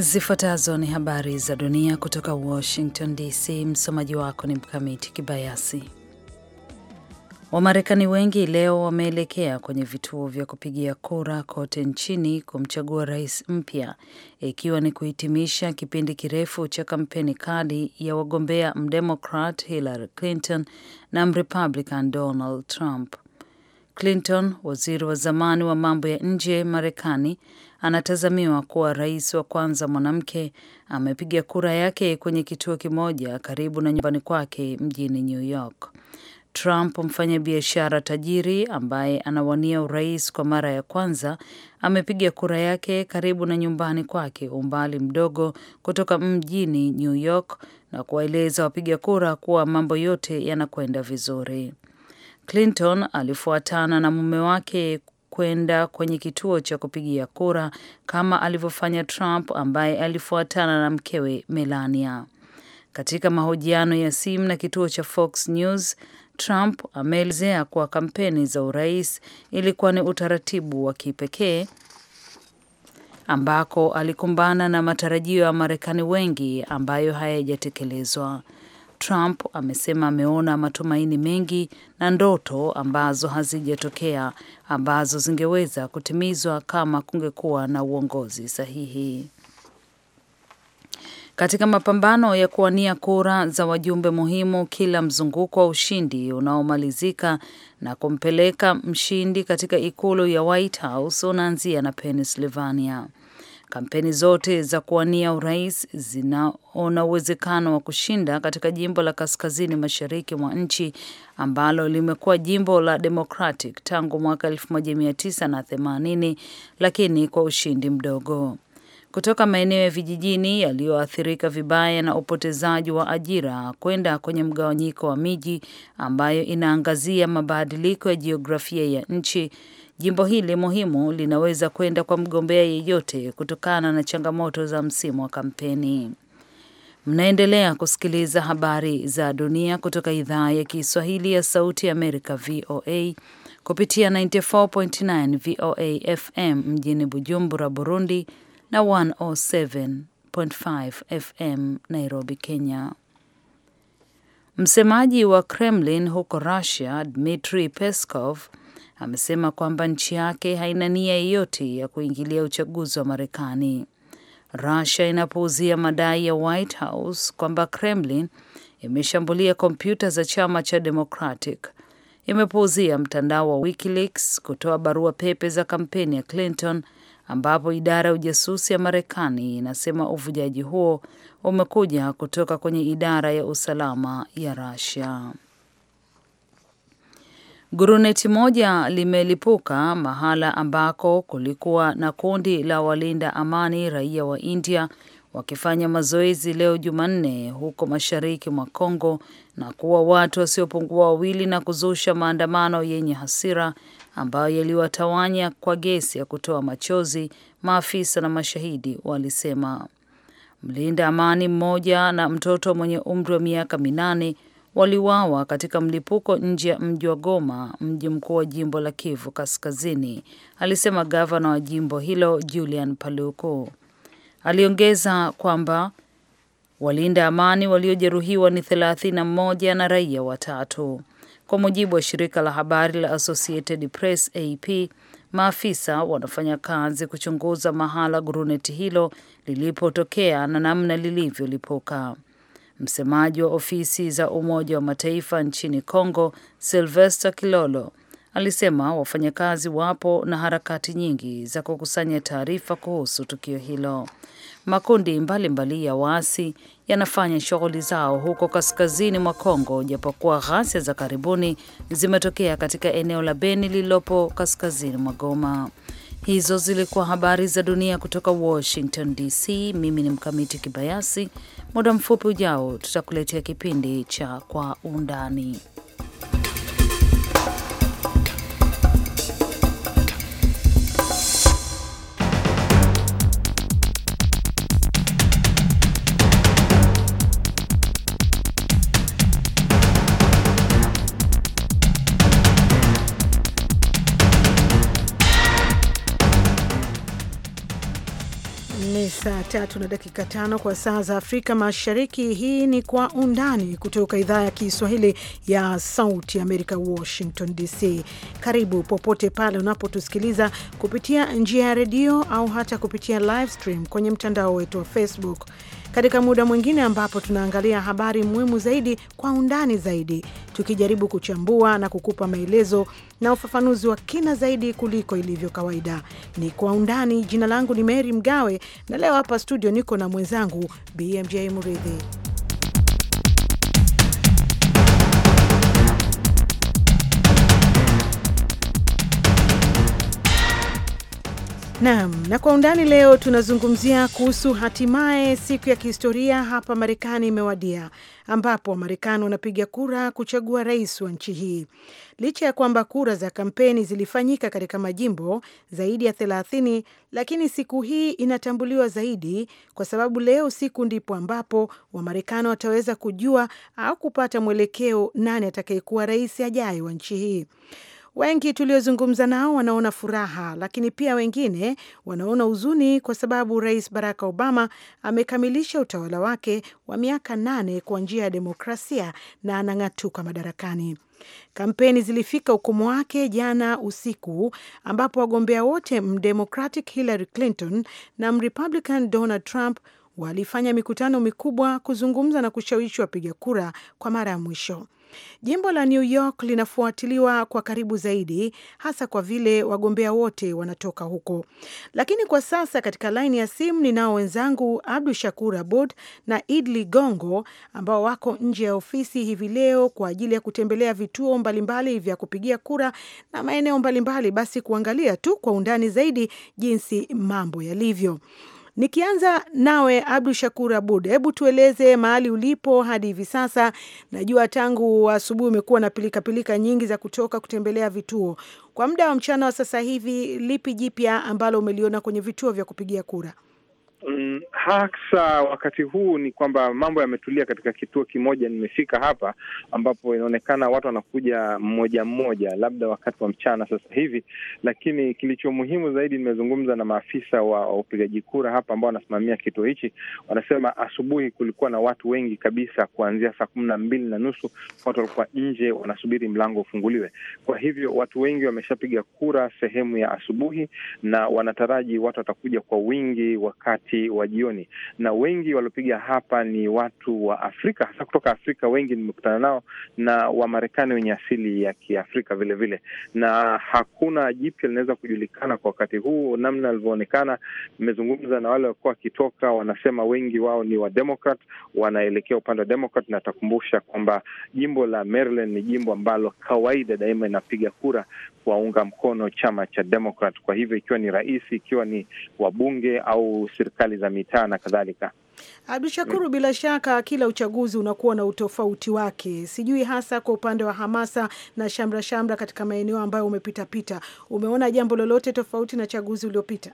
Zifuatazo ni habari za dunia kutoka Washington DC. Msomaji wako ni Mkamiti Kibayasi. Wamarekani wengi leo wameelekea kwenye vituo vya kupigia kura kote nchini kumchagua rais mpya, ikiwa ni kuhitimisha kipindi kirefu cha kampeni kali ya wagombea mdemokrat Hillary Clinton na mrepublican Donald Trump. Clinton, waziri wa zamani wa mambo ya nje Marekani, anatazamiwa kuwa rais wa kwanza mwanamke, amepiga kura yake kwenye kituo kimoja karibu na nyumbani kwake mjini New York. Trump, mfanyabiashara tajiri ambaye anawania urais kwa mara ya kwanza, amepiga kura yake karibu na nyumbani kwake, umbali mdogo kutoka mjini New York, na kuwaeleza wapiga kura kuwa mambo yote yanakwenda vizuri. Clinton alifuatana na mume wake kwenda kwenye kituo cha kupigia kura kama alivyofanya Trump ambaye alifuatana na mkewe Melania. Katika mahojiano ya simu na kituo cha Fox News, Trump ameelezea kuwa kampeni za urais ilikuwa ni utaratibu wa kipekee ambako alikumbana na matarajio ya marekani wengi ambayo hayajatekelezwa. Trump amesema ameona matumaini mengi na ndoto ambazo hazijatokea ambazo zingeweza kutimizwa kama kungekuwa na uongozi sahihi. Katika mapambano ya kuwania kura za wajumbe muhimu, kila mzunguko wa ushindi unaomalizika na kumpeleka mshindi katika ikulu ya White House unaanzia na Pennsylvania. Kampeni zote za kuwania urais zinaona uwezekano wa kushinda katika jimbo la kaskazini mashariki mwa nchi ambalo limekuwa jimbo la Democratic tangu mwaka 1980 lakini kwa ushindi mdogo kutoka maeneo ya vijijini yaliyoathirika vibaya na upotezaji wa ajira kwenda kwenye mgawanyiko wa miji ambayo inaangazia mabadiliko ya jiografia ya nchi Jimbo hili muhimu linaweza kwenda kwa mgombea yeyote kutokana na changamoto za msimu wa kampeni. Mnaendelea kusikiliza habari za dunia kutoka idhaa ya Kiswahili ya Sauti ya Amerika, VOA, kupitia 94.9 VOA FM mjini Bujumbura, Burundi, na 107.5 FM Nairobi, Kenya. Msemaji wa Kremlin huko Russia, Dmitri Peskov, amesema kwamba nchi yake haina nia yeyote ya kuingilia uchaguzi wa Marekani. Rusia inapuuzia madai ya White House kwamba Kremlin imeshambulia kompyuta za chama cha Democratic. Imepuuzia mtandao wa WikiLeaks kutoa barua pepe za kampeni ya Clinton, ambapo idara ya ujasusi ya Marekani inasema uvujaji huo umekuja kutoka kwenye idara ya usalama ya russia Guruneti moja limelipuka mahala ambako kulikuwa na kundi la walinda amani raia wa India wakifanya mazoezi leo Jumanne huko mashariki mwa Kongo na kuwa watu wasiopungua wawili na kuzusha maandamano yenye hasira ambayo yaliwatawanya kwa gesi ya kutoa machozi, maafisa na mashahidi walisema. Mlinda amani mmoja na mtoto mwenye umri wa miaka minane waliuawa katika mlipuko nje ya mji wa Goma, mji mkuu wa jimbo la Kivu Kaskazini, alisema gavana wa jimbo hilo Julian Paluku. Aliongeza kwamba walinda amani waliojeruhiwa ni thelathini na mmoja na raia watatu. Kwa mujibu wa shirika la habari la Associated Press AP, maafisa wanafanya kazi kuchunguza mahala guruneti hilo lilipotokea na namna lilivyolipuka. Msemaji wa ofisi za Umoja wa Mataifa nchini congo Sylvester Kilolo, alisema wafanyakazi wapo na harakati nyingi za kukusanya taarifa kuhusu tukio hilo. Makundi mbalimbali mbali ya waasi yanafanya shughuli zao huko kaskazini mwa Kongo, japokuwa ghasia za karibuni zimetokea katika eneo la Beni lililopo kaskazini mwa Goma. Hizo zilikuwa habari za dunia kutoka Washington DC. Mimi ni Mkamiti Kibayasi. Muda mfupi ujao, tutakuletea kipindi cha Kwa Undani. Saa tatu na dakika tano kwa saa za Afrika Mashariki. Hii ni Kwa Undani kutoka idhaa ya Kiswahili ya Sauti Amerika, Washington DC. Karibu popote pale unapotusikiliza kupitia njia ya redio au hata kupitia live stream kwenye mtandao wetu wa Facebook katika muda mwingine ambapo tunaangalia habari muhimu zaidi kwa undani zaidi, tukijaribu kuchambua na kukupa maelezo na ufafanuzi wa kina zaidi kuliko ilivyo kawaida. Ni kwa undani. Jina langu ni Meri Mgawe na leo hapa studio niko na mwenzangu BMJ Muridhi. Naam, na kwa undani leo tunazungumzia kuhusu hatimaye siku ya kihistoria hapa Marekani imewadia ambapo Wamarekani wanapiga kura kuchagua rais wa nchi hii. Licha ya kwamba kura za kampeni zilifanyika katika majimbo zaidi ya thelathini, lakini siku hii inatambuliwa zaidi kwa sababu leo siku ndipo ambapo Wamarekani wataweza kujua au kupata mwelekeo nani atakayekuwa rais ajaye wa nchi hii. Wengi tuliozungumza nao wanaona furaha, lakini pia wengine wanaona huzuni kwa sababu Rais Barack Obama amekamilisha utawala wake wa miaka nane kwa njia ya demokrasia na anang'atuka madarakani. Kampeni zilifika ukomo wake jana usiku, ambapo wagombea wote Mdemocratic Hillary Clinton na Mrepublican Donald Trump walifanya mikutano mikubwa kuzungumza na kushawishi wapiga kura kwa mara ya mwisho. Jimbo la New York linafuatiliwa kwa karibu zaidi, hasa kwa vile wagombea wote wanatoka huko. Lakini kwa sasa katika laini ya simu ninao wenzangu Abdu Shakur Abud na Idli Gongo ambao wako nje ya ofisi hivi leo kwa ajili ya kutembelea vituo mbalimbali vya kupigia kura na maeneo mbalimbali, basi kuangalia tu kwa undani zaidi jinsi mambo yalivyo. Nikianza nawe Abdu Shakur Abud, hebu tueleze mahali ulipo hadi hivi sasa. Najua tangu asubuhi umekuwa na pilikapilika -pilika nyingi za kutoka kutembelea vituo. Kwa muda wa mchana wa sasa hivi, lipi jipya ambalo umeliona kwenye vituo vya kupigia kura? Mm, hasa wakati huu ni kwamba mambo yametulia katika kituo kimoja nimefika hapa, ambapo inaonekana watu wanakuja mmoja mmoja, labda wakati wa mchana sasa hivi. Lakini kilicho muhimu zaidi, nimezungumza na maafisa wa upigaji kura hapa ambao wanasimamia kituo hichi, wanasema asubuhi kulikuwa na watu wengi kabisa, kuanzia saa kumi na mbili na nusu watu walikuwa nje wanasubiri mlango ufunguliwe. Kwa hivyo watu wengi wameshapiga kura sehemu ya asubuhi, na wanataraji watu watakuja kwa wingi wakati wakati wa jioni, na wengi waliopiga hapa ni watu wa Afrika, hasa kutoka Afrika. Wengi nimekutana nao na Wamarekani wenye asili ya Kiafrika vilevile, na hakuna jipya linaweza kujulikana kwa wakati huu namna alivyoonekana. Nimezungumza na wale walikuwa wakitoka, wanasema wengi wao ni Wademokrat, wanaelekea upande wa Demokrat, na atakumbusha kwamba jimbo la Maryland ni jimbo ambalo kawaida daima inapiga kura kuwaunga mkono chama cha Demokrat. Kwa hivyo ikiwa ni rais, ikiwa ni wabunge au serikali serikali za mitaa na kadhalika. Abdu Shakuru, Bila shaka kila uchaguzi unakuwa na utofauti wake, sijui hasa kwa upande wa hamasa na shamra shamra katika maeneo ambayo umepitapita, umeona jambo lolote tofauti na chaguzi uliopita?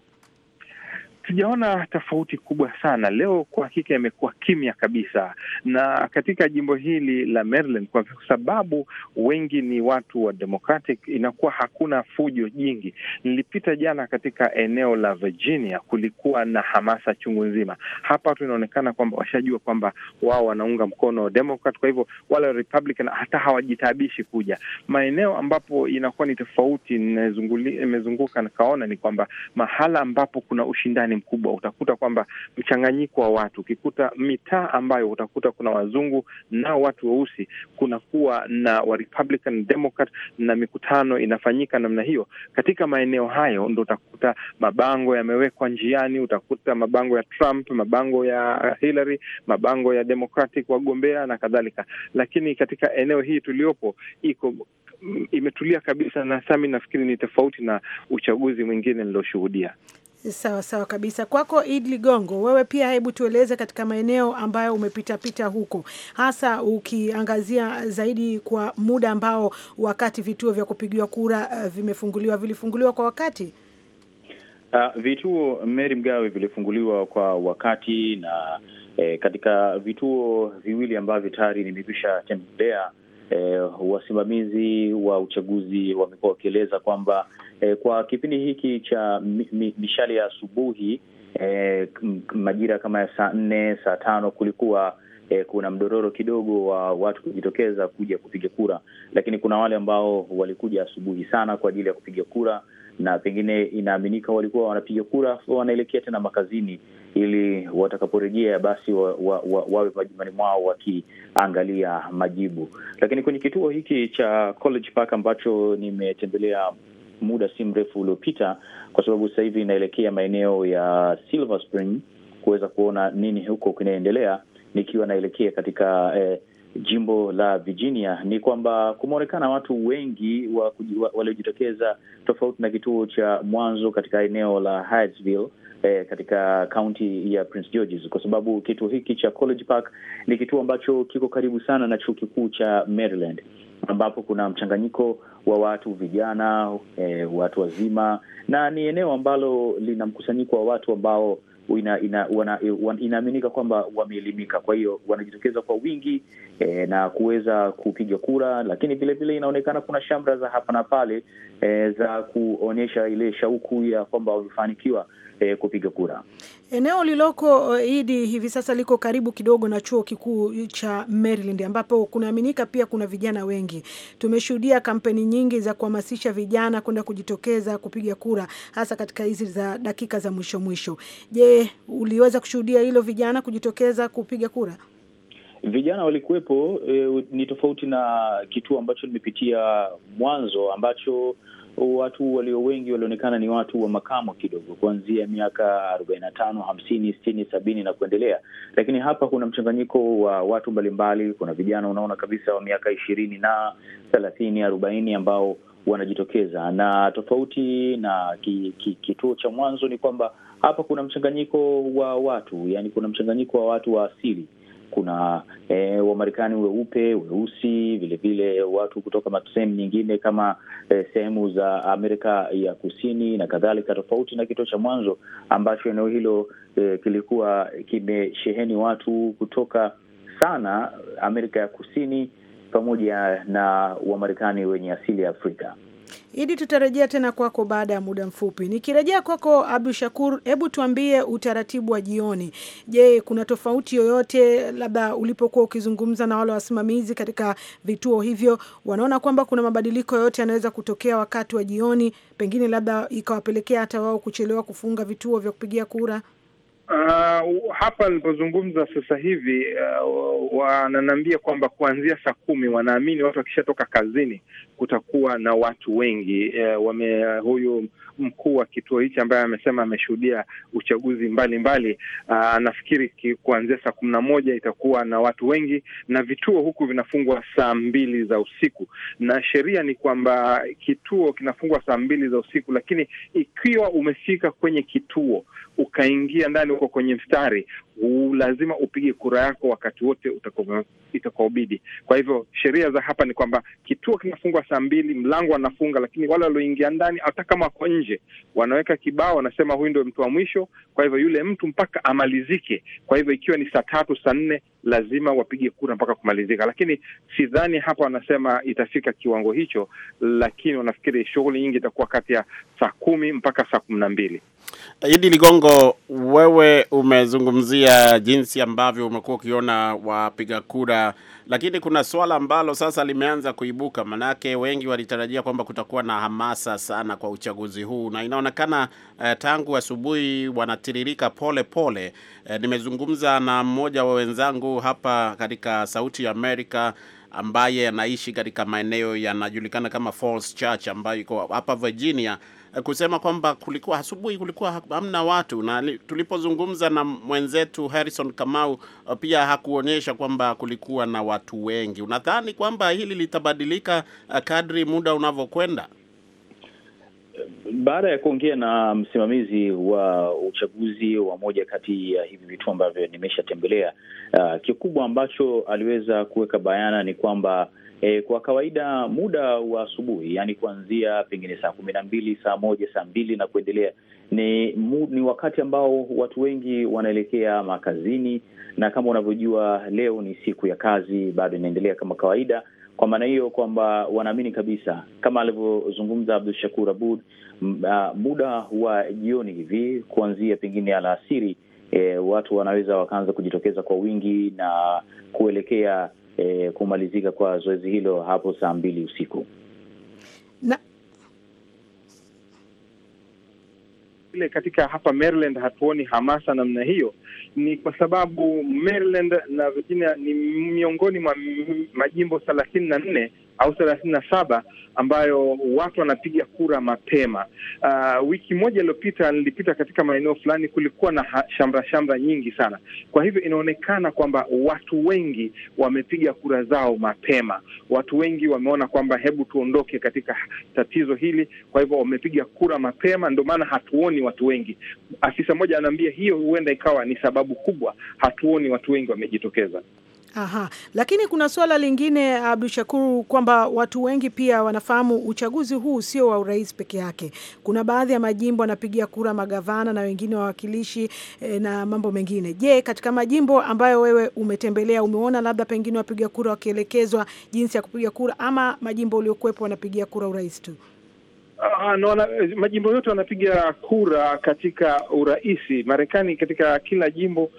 sijaona tofauti kubwa sana leo. Kwa hakika imekuwa kimya kabisa, na katika jimbo hili la Maryland, kwa sababu wengi ni watu wa Democratic, inakuwa hakuna fujo jingi. Nilipita jana katika eneo la Virginia, kulikuwa na hamasa chungu nzima. Hapa tu inaonekana kwamba washajua kwamba wao wanaunga mkono Democrat, kwa hivyo wale Republican hata hawajitabishi kuja maeneo ambapo inakuwa ni tofauti. Nimezunguka nikaona ni kwamba mahala ambapo kuna ushindani mkubwa. Utakuta kwamba mchanganyiko wa watu, ukikuta mitaa ambayo utakuta kuna wazungu na watu weusi, kunakuwa na wa Republican, Democrat, na mikutano inafanyika namna hiyo katika maeneo hayo, ndo utakuta mabango yamewekwa njiani, utakuta mabango ya Trump, mabango ya Hillary, mabango ya Democratic wagombea na kadhalika, lakini katika eneo hii tuliopo iko mm, imetulia kabisa, na sami nafikiri ni tofauti na uchaguzi mwingine nilioshuhudia. Sawa sawa kabisa. Kwako Id Ligongo, wewe pia hebu tueleze katika maeneo ambayo umepitapita huko, hasa ukiangazia zaidi kwa muda ambao wakati vituo vya kupigiwa kura eh, vimefunguliwa, vilifunguliwa kwa wakati? Uh, vituo Meri Mgawe vilifunguliwa kwa wakati na eh, katika vituo viwili ambavyo tayari nimekwisha tembelea eh, wasimamizi wa uchaguzi wamekuwa wakieleza kwamba E, kwa kipindi hiki cha mishale ya asubuhi e, majira kama ya saa nne saa tano kulikuwa e, kuna mdororo kidogo wa watu kujitokeza kuja kupiga kura, lakini kuna wale ambao walikuja asubuhi sana kwa ajili ya kupiga kura na pengine inaaminika walikuwa wanapiga kura wanaelekea tena makazini, ili watakaporejea basi wawe wa, wa, wa, majumbani mwao wakiangalia majibu. Lakini kwenye kituo hiki cha College Park ambacho nimetembelea muda si mrefu uliopita, kwa sababu sasa hivi inaelekea maeneo ya Silver Spring kuweza kuona nini huko kinaendelea. Nikiwa naelekea katika eh, jimbo la Virginia ni kwamba kumeonekana watu wengi wa, wa, waliojitokeza tofauti na kituo cha mwanzo katika eneo la Hyattsville eh, katika kaunti ya Prince George's, kwa sababu kituo hiki cha College Park ni kituo ambacho kiko karibu sana na chuo kikuu cha Maryland ambapo kuna mchanganyiko wa watu vijana, e, watu wazima, na ni eneo ambalo lina mkusanyiko wa watu ambao inaaminika ina, kwamba wameelimika, kwa hiyo wanajitokeza kwa wingi e, na kuweza kupiga kura, lakini vilevile inaonekana kuna shamra za hapa na pale e, za kuonyesha ile shauku ya kwamba wamefanikiwa e, kupiga kura. Eneo liloko eh, idi hivi sasa liko karibu kidogo na chuo kikuu cha Maryland ambapo kunaaminika pia kuna vijana wengi. Tumeshuhudia kampeni nyingi za kuhamasisha vijana kwenda kujitokeza kupiga kura hasa katika hizi za dakika za mwisho mwisho. Je, uliweza kushuhudia hilo, vijana kujitokeza kupiga kura? Vijana walikuwepo. E, ni tofauti na kituo ambacho nimepitia mwanzo ambacho watu walio wengi walionekana ni watu wa makamo kidogo, kuanzia miaka arobaini na tano, hamsini, sitini, sabini na kuendelea. Lakini hapa kuna mchanganyiko wa watu mbalimbali. Kuna vijana unaona kabisa wa miaka ishirini na thelathini, arobaini ambao wanajitokeza na tofauti na ki, ki, kituo cha mwanzo ni kwamba hapa kuna mchanganyiko wa watu, yani kuna mchanganyiko wa watu wa asili kuna e, Wamarekani weupe, weusi, vilevile watu kutoka sehemu nyingine kama e, sehemu za Amerika ya Kusini na kadhalika, tofauti na kituo cha mwanzo ambacho eneo hilo e, kilikuwa kimesheheni watu kutoka sana Amerika ya Kusini pamoja na Wamarekani wenye asili ya Afrika. Idi, tutarejea tena kwako baada ya muda mfupi. Nikirejea kwako Abdu Shakur, hebu tuambie utaratibu wa jioni. Je, kuna tofauti yoyote labda ulipokuwa ukizungumza na wale wasimamizi katika vituo hivyo, wanaona kwamba kuna mabadiliko yoyote yanaweza kutokea wakati wa jioni, pengine labda ikawapelekea hata wao kuchelewa kufunga vituo vya kupigia kura? Uh, hapa nilipozungumza sasa hivi uh, wananiambia kwamba kuanzia saa kumi wanaamini watu wakishatoka kazini kutakuwa na watu wengi e, wame, huyu mkuu wa kituo hichi ambaye amesema ameshuhudia uchaguzi mbalimbali mbali. Uh, nafikiri kuanzia saa kumi na moja itakuwa na watu wengi, na vituo huku vinafungwa saa mbili za usiku, na sheria ni kwamba kituo kinafungwa saa mbili za usiku, lakini ikiwa umefika kwenye kituo ukaingia ndani huko kwenye mstari lazima upige kura yako wakati wote itakaobidi. Kwa hivyo sheria za hapa ni kwamba kituo kinafungwa saa mbili, mlango anafunga, lakini wale walioingia ndani hata kama wako nje nje, wanaweka kibao, wanasema huyu ndio mtu wa mwisho, kwa hivyo yule mtu mpaka amalizike. Kwa hivyo ikiwa ni saa tatu, saa nne, lazima wapige kura mpaka kumalizika, lakini sidhani hapa wanasema itafika kiwango hicho, lakini wanafikiri shughuli nyingi itakuwa kati ya saa kumi mpaka saa kumi na mbili. Eh, Idi Ligongo, wewe umezungumzia jinsi ambavyo umekuwa ukiona wapiga kura, lakini kuna swala ambalo sasa limeanza kuibuka, manake wengi walitarajia kwamba kutakuwa na hamasa sana kwa uchaguzi huu, na inaonekana eh, tangu asubuhi wa wanatiririka pole pole. Eh, nimezungumza na mmoja wa wenzangu hapa katika Sauti ya Amerika ambaye anaishi katika maeneo yanajulikana kama Falls Church ambayo iko hapa Virginia Eh, kusema kwamba kulikuwa asubuhi, kulikuwa hamna watu, na tulipozungumza na mwenzetu Harrison Kamau eh, pia hakuonyesha kwamba kulikuwa na watu wengi. Unadhani kwamba hili litabadilika eh, kadri muda unavyokwenda? Baada ya kuongea na msimamizi wa uchaguzi wa moja kati ya hivi vitu ambavyo nimeshatembelea, uh, kikubwa ambacho aliweza kuweka bayana ni kwamba E, kwa kawaida muda wa asubuhi, yani kuanzia pengine saa kumi na mbili, saa moja, saa mbili na kuendelea ni, mu, ni wakati ambao watu wengi wanaelekea makazini, na kama unavyojua leo ni siku ya kazi, bado inaendelea kama kawaida. Kwa maana hiyo kwamba wanaamini kabisa kama alivyozungumza abdu Shakur Abud, muda wa jioni hivi kuanzia pengine alasiri, e, watu wanaweza wakaanza kujitokeza kwa wingi na kuelekea e, kumalizika kwa zoezi hilo hapo saa mbili usiku na katika hapa Maryland hatuoni hamasa namna hiyo, ni kwa sababu Maryland na Virginia ni miongoni mwa majimbo thelathini na nne au thelathini na saba ambayo watu wanapiga kura mapema. Uh, wiki moja iliyopita nilipita katika maeneo fulani, kulikuwa na shamra shamra nyingi sana. Kwa hivyo inaonekana kwamba watu wengi wamepiga kura zao mapema, watu wengi wameona kwamba hebu tuondoke katika tatizo hili. Kwa hivyo wamepiga kura mapema, ndio maana hatuoni watu wengi. Afisa mmoja anaambia hiyo huenda ikawa ni sababu kubwa, hatuoni watu wengi wamejitokeza. Aha. Lakini kuna suala lingine Abdu Shakuru, kwamba watu wengi pia wanafahamu uchaguzi huu sio wa urais peke yake. Kuna baadhi ya majimbo anapigia kura magavana na wengine wawakilishi e, na mambo mengine. Je, katika majimbo ambayo wewe umetembelea umeona labda pengine wapiga kura wakielekezwa jinsi ya kupiga kura, ama majimbo uliokuwepo wanapigia kura urais tu? Uh, no, na, eh, majimbo yote wanapiga kura katika uraisi Marekani. Katika kila jimbo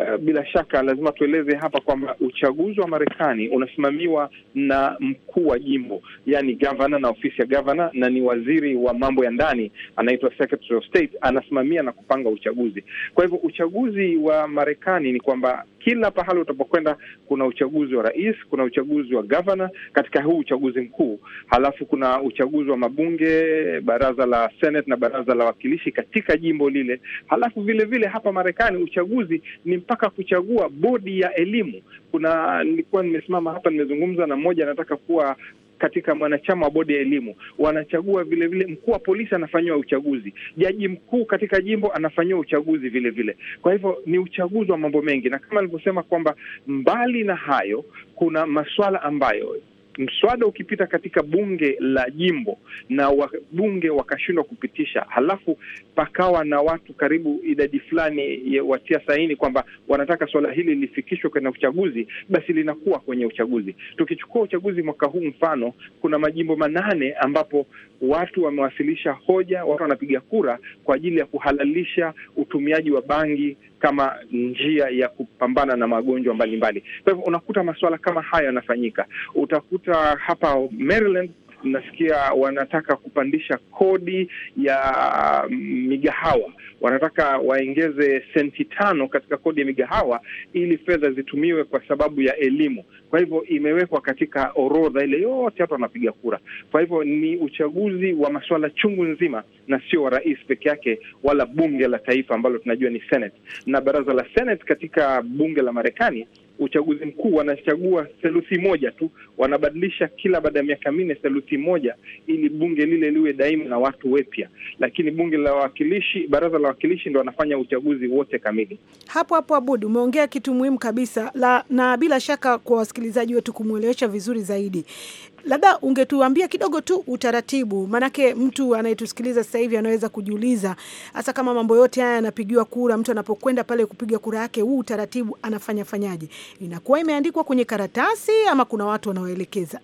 Eh, bila shaka lazima tueleze hapa kwamba uchaguzi wa Marekani unasimamiwa na mkuu wa jimbo, yani gavana na ofisi ya gavana, na ni waziri wa mambo ya ndani anaitwa Secretary of State, anasimamia na kupanga uchaguzi. Kwa hivyo uchaguzi wa Marekani ni kwamba kila pahala utapokwenda kuna uchaguzi wa rais, kuna uchaguzi wa gavana katika huu uchaguzi mkuu, halafu kuna uchaguzi wa mabunge, baraza la Senate na baraza la wakilishi katika jimbo lile. Halafu vile vile hapa Marekani uchaguzi ni mpaka kuchagua bodi ya elimu. Kuna nilikuwa nimesimama hapa nimezungumza na mmoja anataka kuwa katika mwanachama wa bodi ya elimu, wanachagua vilevile. Mkuu wa polisi anafanyiwa uchaguzi, jaji mkuu katika jimbo anafanyiwa uchaguzi vilevile vile. Kwa hivyo ni uchaguzi wa mambo mengi, na kama alivyosema kwamba mbali na hayo kuna masuala ambayo mswada ukipita katika bunge la jimbo na wabunge wakashindwa kupitisha, halafu pakawa na watu karibu idadi fulani watia saini kwamba wanataka swala hili lifikishwe kwenye uchaguzi, basi linakuwa kwenye uchaguzi. Tukichukua uchaguzi mwaka huu mfano, kuna majimbo manane ambapo watu wamewasilisha hoja, watu wanapiga kura kwa ajili ya kuhalalisha utumiaji wa bangi kama njia ya kupambana na magonjwa mbalimbali. Kwa hivyo unakuta masuala kama haya yanafanyika. Utakuta hapa Maryland nasikia wanataka kupandisha kodi ya mm, migahawa, wanataka waongeze senti tano katika kodi ya migahawa ili fedha zitumiwe kwa sababu ya elimu. Kwa hivyo imewekwa katika orodha ile yote, hata wanapiga kura. Kwa hivyo ni uchaguzi wa masuala chungu nzima, na sio wa rais peke yake, wala bunge la taifa ambalo tunajua ni Senate na baraza la Senate katika bunge la Marekani uchaguzi mkuu wanachagua theluthi moja tu, wanabadilisha kila baada ya miaka minne theluthi moja, ili bunge lile liwe daima na watu wepya. Lakini bunge la wawakilishi, baraza la wawakilishi ndo wanafanya uchaguzi wote kamili. Hapo hapo, Abud, umeongea kitu muhimu kabisa la, na bila shaka kwa wasikilizaji wetu kumwelewesha vizuri zaidi labda ungetuambia kidogo tu utaratibu, maanake mtu anayetusikiliza sasa hivi anaweza kujiuliza, hasa kama mambo yote haya yanapigiwa kura, mtu anapokwenda pale kupiga kura yake, huu utaratibu anafanya fanyaje? Inakuwa imeandikwa kwenye karatasi ama kuna watu wanaoelekeza?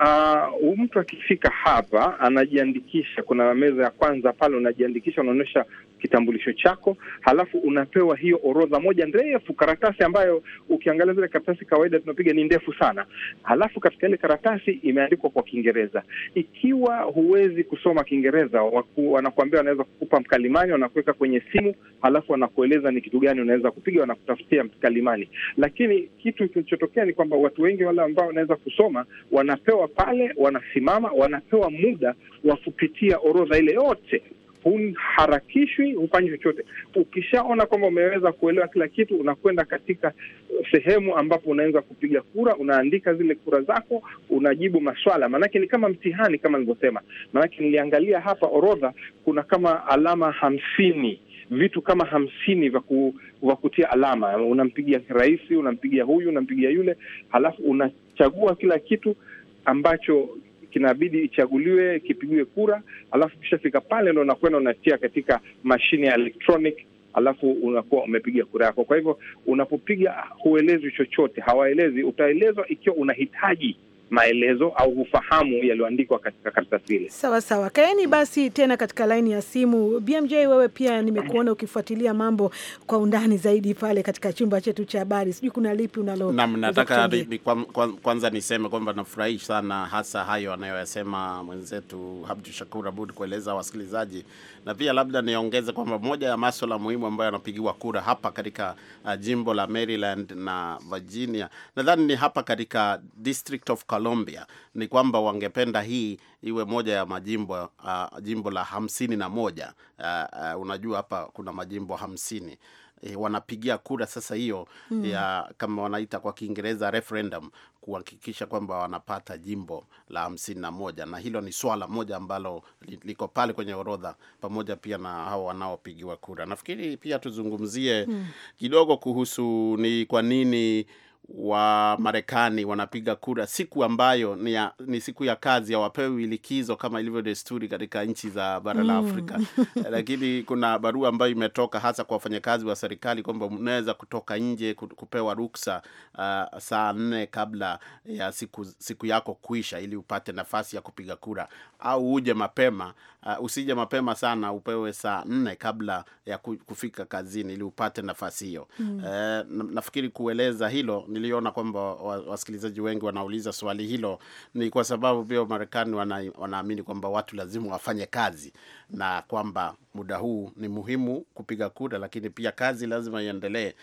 Uh, mtu akifika hapa anajiandikisha. Kuna meza ya kwanza pale, unajiandikisha, unaonyesha kitambulisho chako, halafu unapewa hiyo orodha moja ndefu, karatasi ambayo ukiangalia zile karatasi kawaida tunapiga ni ndefu sana, halafu katika ile karatasi imeandikwa kwa Kiingereza. Ikiwa huwezi kusoma Kiingereza, wanakuambia wanaweza kukupa mkalimani, wanakuweka kwenye simu, halafu wanakueleza ni kitu gani unaweza kupiga, wanakutafutia mkalimani. Lakini kitu kinachotokea ni kwamba watu wengi wale ambao wanaweza kusoma wanapewa pale, wanasimama, wanapewa muda wa kupitia orodha ile yote huharakishwi, hufanyi chochote. Ukishaona kwamba umeweza kuelewa kila kitu, unakwenda katika uh, sehemu ambapo unaweza kupiga kura, unaandika zile kura zako, unajibu maswala, maanake ni kama mtihani, kama nilivyosema. Maanake niliangalia hapa orodha, kuna kama alama hamsini vitu kama hamsini vya ku, kutia alama. Unampigia rahisi unampigia huyu, unampigia yule, halafu unachagua kila kitu ambacho kinabidi ichaguliwe, kipigiwe kura, alafu kishafika pale ndo unakwenda unatia katika mashine ya electronic alafu unakuwa umepiga kura yako. Kwa hivyo unapopiga, huelezwi chochote, hawaelezi. Utaelezwa ikiwa unahitaji maelezo au ufahamu yaliyoandikwa katika karatasi ile. Sawa sawa, kaeni basi tena katika laini ya simu. BMJ, wewe pia nimekuona ukifuatilia mambo kwa undani zaidi pale katika chumba chetu cha habari, sijui kuna lipi unalo. Naam, nataka kwanza niseme kwamba nafurahi sana hasa hayo anayoyasema mwenzetu Abdu Shakur Abud kueleza wasikilizaji, na pia labda niongeze kwamba moja ya maswala muhimu ambayo yanapigiwa kura hapa katika uh, jimbo la Maryland na Virginia, nadhani ni hapa katika District of Columbia. Colombia ni kwamba wangependa hii iwe moja ya majimbo uh, jimbo la hamsini na moja uh, uh, unajua hapa kuna majimbo hamsini e, wanapigia kura sasa hiyo mm, ya kama wanaita kwa Kiingereza referendum kuhakikisha kwamba wanapata jimbo la hamsini na moja, na hilo ni swala moja ambalo liko pale kwenye orodha, pamoja pia na hao wanaopigiwa kura. Nafikiri pia tuzungumzie mm, kidogo kuhusu ni kwa nini wa Marekani wanapiga kura siku ambayo ni, ya, ni siku ya kazi, hawapewi likizo kama ilivyo desturi katika nchi za bara la mm. Afrika. Eh, lakini kuna barua ambayo imetoka hasa kwa wafanyakazi wa serikali kwamba mnaweza kutoka nje kupewa ruksa uh, saa nne kabla ya siku, siku yako kuisha, ili upate nafasi ya kupiga kura au uje mapema uh, usije mapema sana, upewe saa nne kabla ya kufika kazini ili upate nafasi hiyo mm. Eh, nafikiri kueleza hilo, niliona kwamba wasikilizaji wengi wanauliza swali hilo, ni kwa sababu pia Marekani wana, wanaamini kwamba watu lazima wafanye kazi na kwamba muda huu ni muhimu kupiga kura, lakini pia kazi lazima iendelee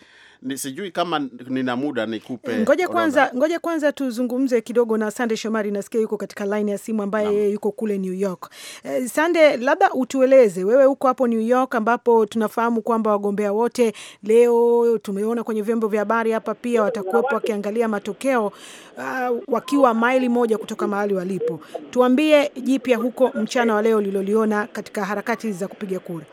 ni, sijui kama nina muda nikupe. Ngoja kwanza, ngoja kwanza tuzungumze kidogo na Sande Shomari, nasikia yuko katika line ya simu ambaye yeye yuko kule New York. Eh, Sande, labda utueleze wewe, uko hapo New York ambapo tunafahamu kwamba wagombea wote leo tumeona kwenye vyombo vya habari hapa pia watakuwepo wakiangalia matokeo uh, wakiwa maili moja kutoka mahali walipo. Tuambie jipya huko mchana wa leo liloliona katika harakati za kupiga kura.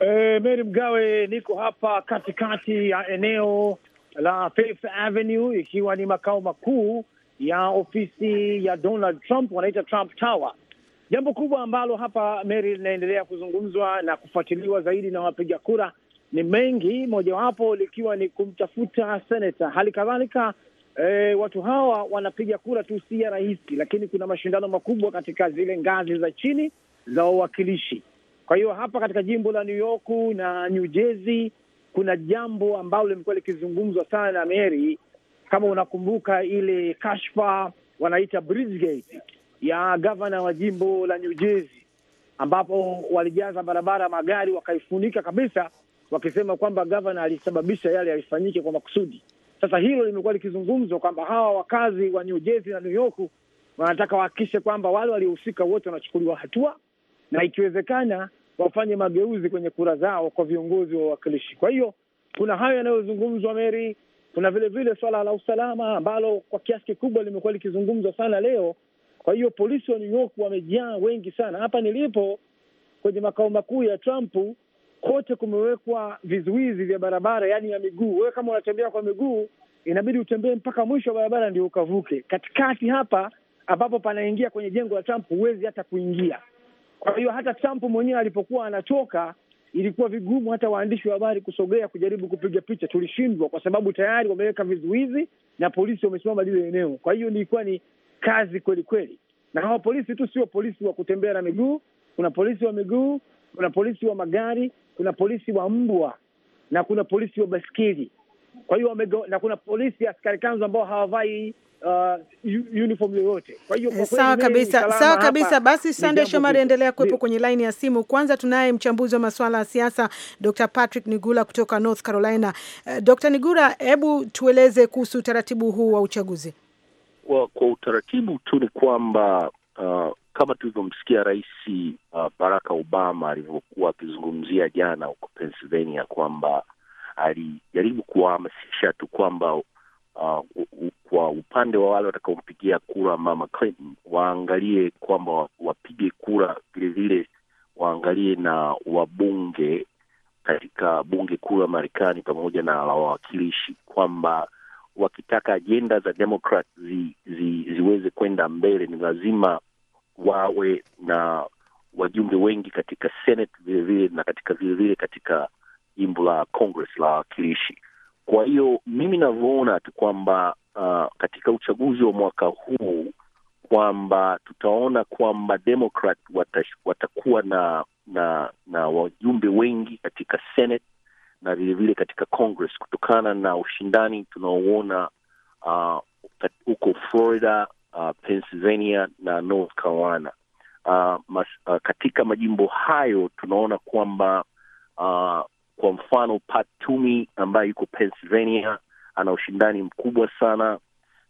E, eh, Meri Mgawe, niko hapa katikati ya eneo la Fifth Avenue, ikiwa ni makao makuu ya ofisi ya Donald Trump, wanaita Trump Tower. Jambo kubwa ambalo hapa Mary linaendelea kuzungumzwa na kufuatiliwa zaidi na wapiga kura ni mengi, mojawapo likiwa ni kumtafuta senata. Hali kadhalika e, watu hawa wanapiga kura tu si ya rais, lakini kuna mashindano makubwa katika zile ngazi za chini za wawakilishi. Kwa hiyo hapa katika jimbo la New York na New Jersey kuna jambo ambalo limekuwa likizungumzwa sana na Mary, kama unakumbuka ile kashfa wanaita Bridgegate ya gavana wa jimbo la New Jersey, ambapo walijaza barabara magari wakaifunika kabisa, wakisema kwamba gavana alisababisha yale yalifanyike kwa makusudi. Sasa hilo limekuwa likizungumzwa kwamba hawa wakazi wa New Jersey na New York wanataka wahakikishe kwamba wale waliohusika wote wanachukuliwa hatua na ikiwezekana wafanye mageuzi kwenye kura zao kwa viongozi wa wawakilishi. Kwa hiyo kuna hayo yanayozungumzwa Meri, kuna vilevile swala la usalama ambalo kwa kiasi kikubwa limekuwa likizungumzwa sana leo. Kwa hiyo polisi wa New York wamejaa wengi sana. Hapa nilipo kwenye makao makuu ya Trump kote kumewekwa vizuizi vya barabara, yaani ya miguu. Wewe kama unatembea kwa miguu inabidi utembee mpaka mwisho wa barabara ndio ukavuke. Katikati hapa ambapo panaingia kwenye jengo la Trump huwezi hata kuingia. Kwa hiyo hata Trump mwenyewe alipokuwa anachoka, ilikuwa vigumu hata waandishi wa habari kusogea kujaribu kupiga picha, tulishindwa kwa sababu tayari wameweka vizuizi na polisi wamesimama lile eneo. Kwa hiyo ilikuwa ni kazi kweli kweli, na hawa polisi tu sio polisi wa kutembea na miguu. Kuna polisi wa miguu, kuna polisi wa magari, kuna polisi wa mbwa na kuna polisi wa baskeli. Kwa hiyo na kuna polisi askari kanzu ambao hawavai uh, uniform yoyote. Kwa hiyo kwa sawa kabisa, sawa kabisa. Basi Sande Shomari, endelea kuwepo kwenye laini ya simu. Kwanza tunaye mchambuzi wa masuala ya siasa Dr. Patrick Nigula kutoka North Carolina. Eh, Dr. Nigula, hebu tueleze kuhusu utaratibu huu wa uchaguzi. Kwa, kwa utaratibu tu ni kwamba uh, kama tulivyomsikia Rais uh, Barack Obama alivyokuwa akizungumzia jana huko Pennsylvania kwamba alijaribu kuwahamasisha tu kwamba uh, kwa upande wa wale watakaompigia kura mama Clinton waangalie kwamba wapige kura vilevile, waangalie na wabunge katika bunge kuu la Marekani pamoja na la wawakilishi kwamba wakitaka ajenda za Democrat zi, zi, ziweze kwenda mbele ni lazima wawe na wajumbe wengi katika Senate vilevile na katika vilevile katika jimbo la Congress la wawakilishi. Kwa hiyo mimi navyoona tu kwamba uh, katika uchaguzi wa mwaka huu kwamba tutaona kwamba Democrat watakuwa na na na wajumbe wengi katika Senate na vilevile katika Congress kutokana na ushindani tunaouona uh, huko uh, Florida uh, Pennsylvania na North Carolina. Uh, mas, uh, katika majimbo hayo tunaona kwamba uh, kwa mfano Pat ambaye yuko Pennsylvania ana ushindani mkubwa sana,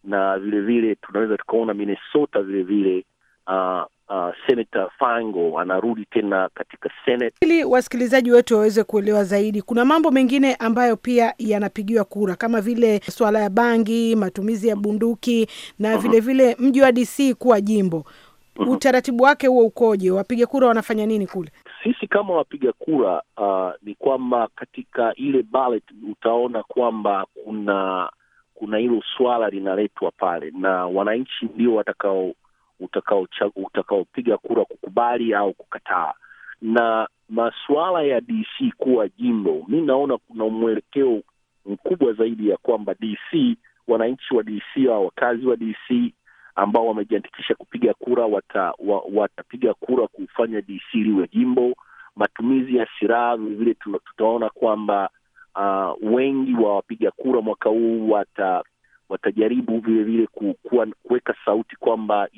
na vilevile vile, tunaweza tukaona Minnesota vilevile uh, uh, Senator Fango anarudi tena katika Senate. Ili wasikilizaji wetu waweze kuelewa zaidi, kuna mambo mengine ambayo pia yanapigiwa kura kama vile swala ya bangi, matumizi ya mm-hmm. bunduki na vilevile mm-hmm. vile vile mji wa DC kuwa jimbo mm-hmm. utaratibu wake huo ukoje? Wapiga kura wanafanya nini kule? sisi kama wapiga kura uh, ni kwamba katika ile ballot utaona kwamba kuna kuna hilo swala linaletwa pale, na wananchi ndio watakao utakaopiga utakao kura kukubali au kukataa. Na masuala ya DC kuwa jimbo, mi naona kuna mwelekeo mkubwa zaidi ya kwamba DC, wananchi wa DC au wakazi wa DC ambao wamejiandikisha kupiga kura wata, wa, watapiga kura kufanya DC liwe jimbo. Matumizi ya silaha vilevile, tutaona kwamba uh, wengi wa wapiga kura mwaka huu wata watajaribu vilevile kuweka sauti kwamba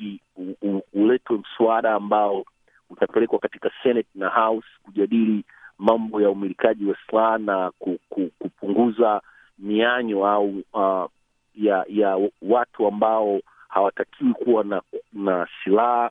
uletwe mswada ambao utapelekwa katika Senate na House kujadili mambo ya umilikaji wa silaha na kupunguza mianyo au uh, ya ya watu ambao hawatakiwi kuwa na, na silaha.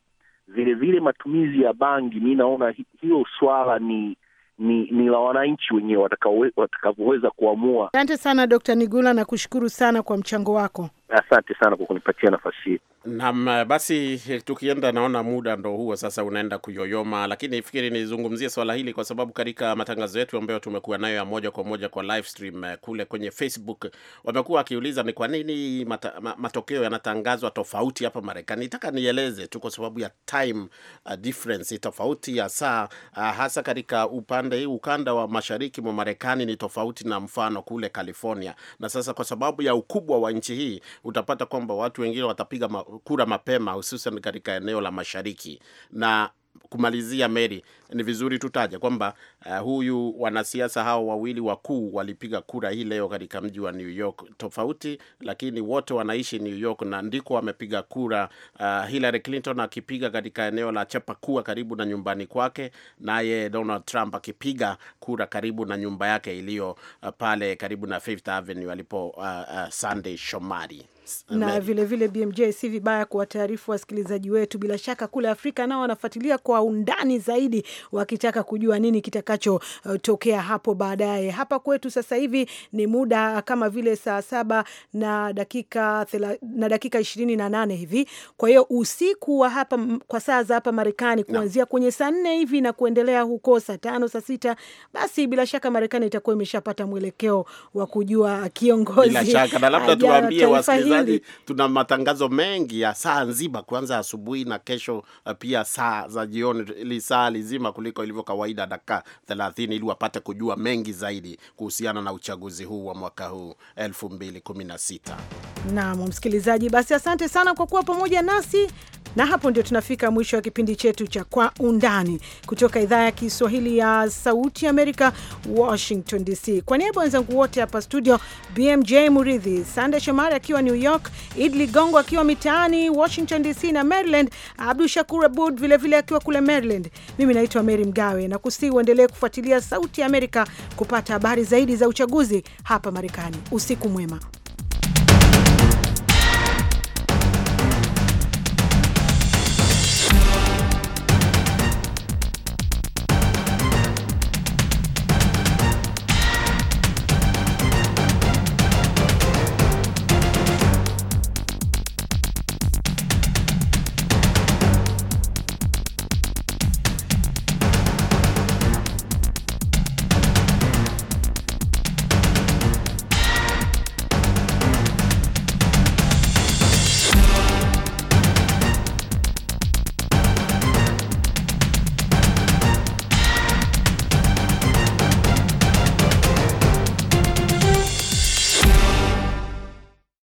Vilevile matumizi ya bangi, mi naona hilo swala ni ni, ni la wananchi wenyewe watakavyoweza kuamua. Asante sana dokt Nigula, na kushukuru sana kwa mchango wako. Asante sana kwa kunipatia nafasi hii. Naam, eh, basi tukienda, naona muda ndo huo sasa unaenda kuyoyoma, lakini fikiri nizungumzie swala hili kwa sababu katika matangazo yetu ambayo tumekuwa nayo ya moja kwa moja kwa live stream eh, kule kwenye Facebook, wamekuwa wakiuliza ni kwa nini mata, matokeo yanatangazwa tofauti hapa Marekani. Nataka nieleze tu kwa sababu ya time eh, difference, tofauti ya saa, hasa katika upande ukanda wa mashariki mwa Marekani ni tofauti na mfano kule California, na sasa kwa sababu ya ukubwa wa nchi hii utapata kwamba watu wengine watapiga ma kura mapema, hususan katika eneo la mashariki. Na kumalizia, meri ni vizuri tutaje kwamba uh, huyu wanasiasa hao wawili wakuu walipiga kura hii leo katika mji wa New York tofauti, lakini wote wanaishi New York na ndiko wamepiga kura. Uh, Hillary Clinton akipiga katika eneo la Chapakua karibu na nyumbani kwake, naye Donald Trump akipiga kura karibu na nyumba yake iliyo uh, pale karibu na Fifth Avenue alipo uh, uh, Sunday Shomari na vilevile vile BMJ, si vibaya kuwataarifu wasikilizaji wetu, bila shaka kule Afrika nao wanafuatilia kwa undani zaidi, wakitaka kujua nini kitakachotokea uh, hapo baadaye. Hapa kwetu sasa hivi ni muda kama vile saa saba na dakika thela, na dakika ishirini na nane hivi. Kwa hiyo usiku wa hapa kwa saa za hapa Marekani kuanzia no. kwenye saa nne hivi na kuendelea huko saa tano saa sita, basi bila shaka Marekani itakuwa imeshapata mwelekeo wa kujua kiongozi, bila shaka na labda tuwaambie wasikilizaji kweli yaani, tuna matangazo mengi ya saa nzima, kwanza asubuhi na kesho eh, pia saa za jioni, ili saa lizima kuliko ilivyo kawaida, dakika 30 ili wapate kujua mengi zaidi kuhusiana na uchaguzi huu wa mwaka huu 2016. Naam, msikilizaji, basi asante sana kwa kuwa pamoja nasi na hapo ndio tunafika mwisho wa kipindi chetu cha Kwa Undani kutoka idhaa ya Kiswahili ya Sauti Amerika, Washington DC. Kwa niaba wenzangu wote hapa studio, BMJ Muridhi, Sande Shomari akiwa New York York, Id Ligongo akiwa mitaani Washington DC na Maryland, Abdu Shakur Abud vilevile akiwa kule Maryland. Mimi naitwa Mary Mgawe na kusi uendelee kufuatilia Sauti ya Amerika kupata habari zaidi za uchaguzi hapa Marekani. Usiku mwema.